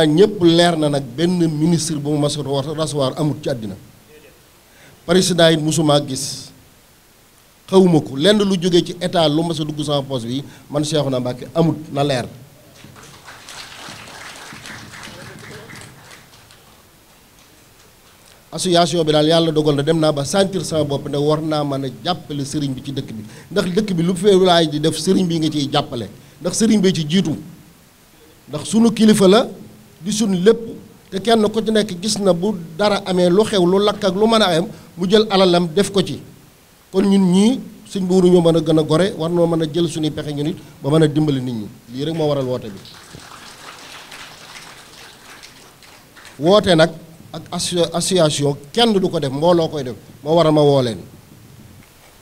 a ñëpp leer na nag benn ministre bu mu mas recevoir amut ci àddina président it mosumaa gis xawuma ko lenn lu jóge ci état lu mas a dugg sama poste bi man Cheikhouna Mbacké amut na leer association bi daal yàlla dogal na dem naa ba sentir sama bopp ne war naa mën a jàppale sëriñ bi ci dëkk bi ndax dëkk bi lu fee laay di def sëriñ bi nga ciy jàppale ndax sëriñ bi ci jiitu ndax sunu kilifa la di suñ lépp te kenn ku ci nekk gis na bu dara amee lu xew lu lakk ak lu mën a am mu jël alalam def ko ci kon ñun ñii suñ buuru ñoo mën a gën a gore war noo mën a jël suñuy pexe ñu nit ba mën a dimbali nit ñi lii rek moo waral woote bi woote nag ak association kenn du ko def mbooloo koy def moo waral ma woo leen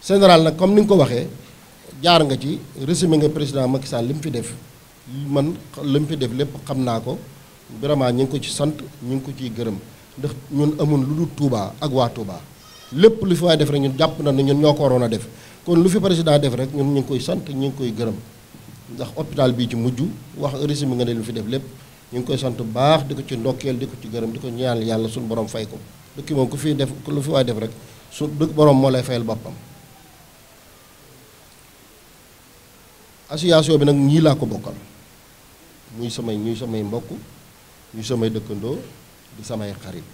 général nag comme ni nga ko waxee jaar nga ci résimé nga président Macky Sall li mu fi def man li mu fi def lépp xam naa ko vraiment ñu ngi ko ci sant ñu ngi ko ciy gërëm ndax ñun amul lu dul tuubaa ak waa Touba lépp lu fi waay def rek ñun jàpp na ne ñun ñoo ko waroon a def kon lu fi président def rek ñun ñu ngi koy sant ñu ngi koy gërëm ndax hôpital bii ci mujj wax résumé nga ne lu fi def lépp ñu ngi koy sant bu baax di ko ci ndokkeel di ko ci gërëm di ko ñaan yàlla suñ borom fay ko dëkk moom ku fi def lu fi waay def rek su dëkk borom moo lay fayal boppam. association bi nag ñii laa ko bokkal muy samay ñuy samay mbokk. ñu samay dëkkandoo di samay xarit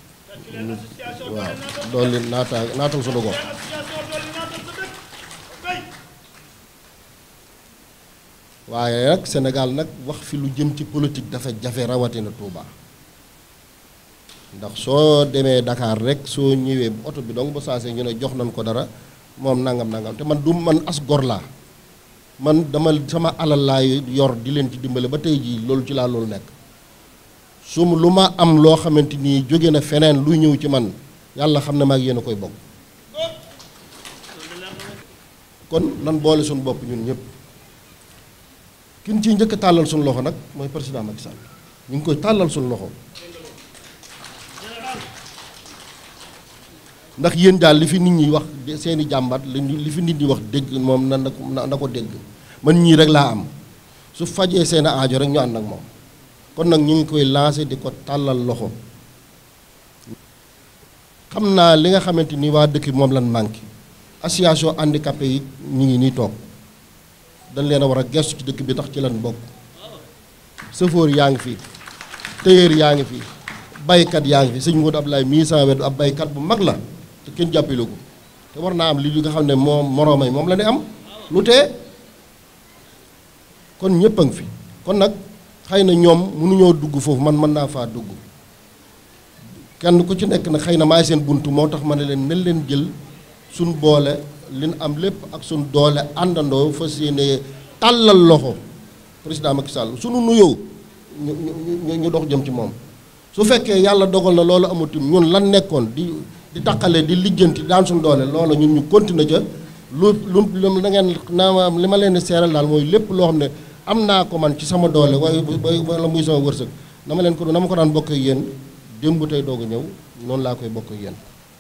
waaw dolli naata naatal sunu ko waaye nag Sénégal nag wax fi lu jëm ci politique dafa jafe rawatina tuuba ndax soo demee dakaar rek soo ñëwee oto bi dong ba saasee ñu ne jox nañ ko dara moom nangam nangam te man du man as gor laa man dama sama alal laay yor di leen ci dimbale ba tey jii loolu ci laa loolu nekk su lu ma am loo xamante ni jóge na feneen luy ñëw ci man yàlla xam ne maag yéen a koy bokk kon nan boole suñu bopp ñun ñépp kin ci njëkk tàllal suñu loxo nag mooy président Macky Sall ñu ngi koy tàllal suñu loxo ndax yéen daal li fi nit ñi wax seeni jàmbat li fi nit ñi wax dégg moom na na ko dégg man ñii rek laa am su fajee seen aajo rek ñu ànd ak moom kon nag ñu ngi koy lancé di ko tàllal loxo xam naa li nga xamante ni waa dëkk moom lan manqué association handicapé yi ñu ngi nii toog dañ leen a war a gestu ci dëkk bi ndax ci lan bokk sëfoor yaa ngi fi téyeer yaa ngi fi baykat yaa ngi fi sëñ Modou Abdoulaye mii sama wet ab baykat bu mag la te kenn jàppale ko te war naa am li nga xam ne moom moroomay moom la ne am lu tee kon ñëpp a ngi fi kon nag xëy na ñoom mënuñoo dugg foofu man mën naa faa dugg kenn ku ci nekk na xëy na maay seen bunt moo tax ma ne leen mel leen jël suñ boole nu am lépp ak suñ doole àndandoo fa yéene tàllal loxo président Macky Sall suñu nuyoo ñu ñu ñu jëm ci moom su fekkee yàlla dogal na loolu amatum ñun lan nekkoon di di taqale di lijjanti daan suñu doole loola ñu ñu continuer ca lu lu lu na ngeen naam li ma leen seeral daal mooy lépp loo xam ne am naa ko man ci sama doole waaye wala muy sama wërsëg dama leen ko na ma ko daan bokk ak yéen démb tey doog a ñëw noonu laa koy bokk ak yéen